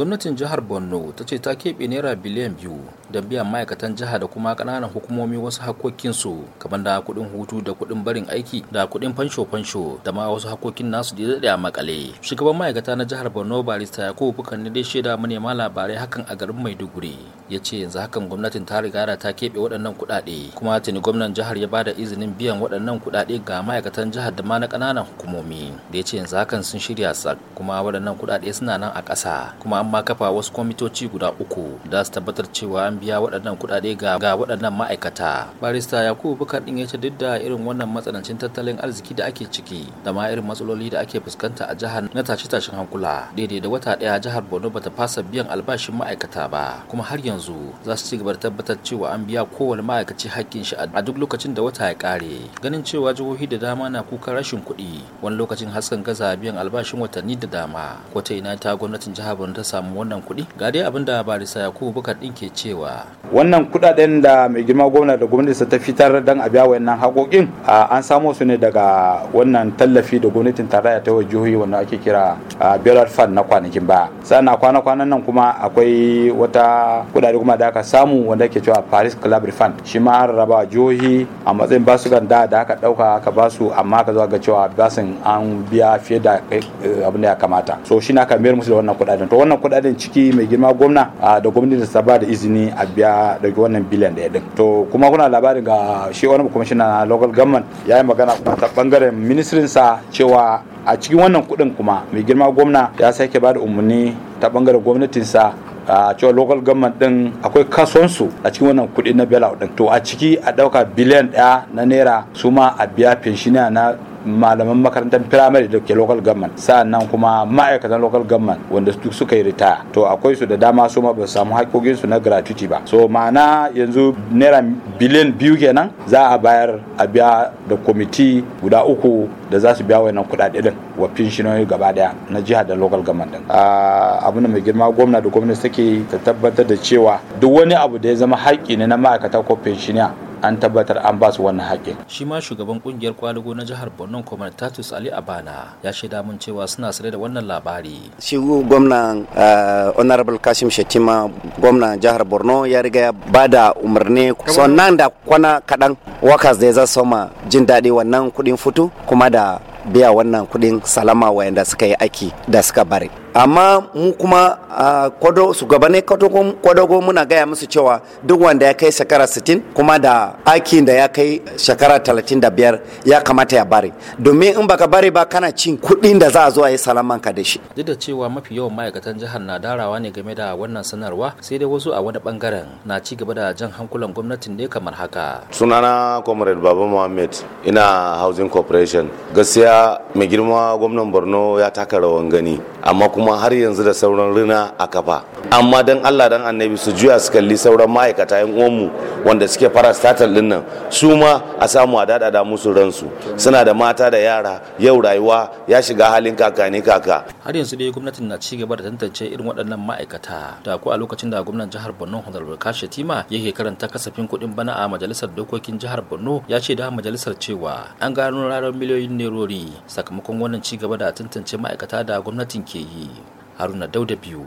gwamnatin jihar borno ta ce ta keɓe naira biliyan biyu don biyan ma'aikatan jiha da kuma ƙananan hukumomi wasu hakokinsu kamar da kuɗin hutu da kuɗin barin aiki da kuɗin fansho-fansho da ma wasu hakokin nasu da ya daɗe a makale shugaban ma'aikata na jihar borno barista yakubu bukan ne dai shaida manema labarai hakan a garin maiduguri ya ce yanzu hakan gwamnatin ta riga da ta keɓe waɗannan kuɗaɗe kuma tuni gwamnan jihar ya ba da izinin biyan waɗannan kuɗaɗe ga ma'aikatan jihar da ma na ƙananan hukumomi da ya ce yanzu hakan sun shirya sak kuma waɗannan kuɗaɗe suna nan a ƙasa kuma ma kafa wasu kwamitoci guda uku da su tabbatar cewa an biya waɗannan kuɗaɗe ga waɗannan ma'aikata barista yakubu bukar ɗin ya ce duk da irin wannan matsanancin tattalin arziki da ake ciki da ma irin matsaloli da ake fuskanta a jihar na tashi tashin hankula daidai da wata ɗaya jihar borno bata fasa biyan albashin ma'aikata ba kuma har yanzu za su ci gaba da tabbatar cewa an biya kowane ma'aikaci hakkin shi a duk lokacin da wata ya ƙare ganin cewa jihohi da dama na kuka rashin kuɗi wani lokacin haskan gaza biyan albashin watanni da dama ko ina ta gwamnatin jihar borno ta samu wannan kuɗi ga dai abin da barisa yakubu bukar ɗin ke cewa wannan kuɗaɗen da mai girma gwamna da gwamnati ta fitar don a biya wayannan haƙoƙin an samo su ne daga wannan tallafi da gwamnatin tarayya ta jihohi wanda ake kira bailar fan na kwanakin baya sannan kwana-kwanan nan kuma akwai wata kuɗaɗe kuma da aka samu wanda ake cewa paris club refund shi ma an raba jihohi a matsayin basu ganda da aka ɗauka aka basu amma aka zo ga cewa basin an biya fiye da eh, abin da ya kamata so shi na aka mayar musu da wannan kuɗaɗen to wannan kudaden ciki mai girma gwamna da gwamnati ta ba da izini a biya daga wannan biliyan ya din to kuma kuna labarin ga shi wani kwamishina na local government ya yi magana ta bangaren sa cewa a cikin wannan kudin kuma mai girma gwamna ya sake ba da umarni ta bangaren sa a cewa local government din akwai kasonsu a cikin wannan kuɗi na bailout din to a ciki a ɗauka biliyan ɗaya na naira su ma a biya pensioner na malaman makarantar firamare da ke local government nan kuma ma'aikatan local government wanda duk suka yi ritaya to akwai su da dama su ma ba su samu haƙoƙin su na gratuity ba so ma'ana yanzu naira biliyan biyu kenan za a bayar a biya da kwamiti guda uku da za su biya wannan kuɗaɗe din wa pensionoyi gaba daya na jiha da local government din ah, abin da mai girma gwamna da gwamnati take ta tabbatar da cewa duk wani abu da ya zama haƙƙi ne na ma'aikata ko pensioner an tabbatar an ba su wannan haƙƙin shi ma shugaban kungiyar kwaligo na jihar Borno Comrade Tatus Ali Abana ya shaida mun cewa suna sare da wannan labari shi gwamnan eh, honorable Kashim Shetima gwamnan jihar Borno ya riga ya ba da umarni sannan da kwana kaɗan workers da ya soma jin daɗi wannan kuɗin futu kuma da biya wannan kuɗin salama wayanda suka yi aiki da suka bari amma mu kuma su gabane kwadago muna gaya musu cewa duk wanda ya kai shekara 60 kuma da aikin da ya kai shekara 35 ya kamata ya bari domin in baka bari ba kana cin kuɗin da za a zo a yi salamanka da shi duk da cewa mafi yawan ma'aikatan jihar na darawa ne game da wannan sanarwa sai dai wasu a wani bangaren na ci gaba da jan hankulan gwamnatin ne kamar haka sunana comrade baba muhammed ina housing corporation gaskiya mai girma gwamnan borno ya taka rawan gani amma kuma har yanzu da sauran rina a kafa amma dan Allah dan annabi su juya su kalli sauran ma'aikata yan uwanmu wanda suke fara din nan su ma a samu a dadada musu ransu suna da mata da yara yau rayuwa ya shiga halin kakani kaka har yanzu dai gwamnatin na ci gaba da tantance irin waɗannan ma'aikata da ko a lokacin da gwamnan jihar Borno Honorable Kashi Tima yake karanta kasafin kuɗin bana a majalisar dokokin jihar Borno ya ce da majalisar cewa an gano rarar miliyoyin nerori sakamakon wannan ci gaba da tantance ma'aikata da gwamnatin ke yi. Haruna Dauda biyu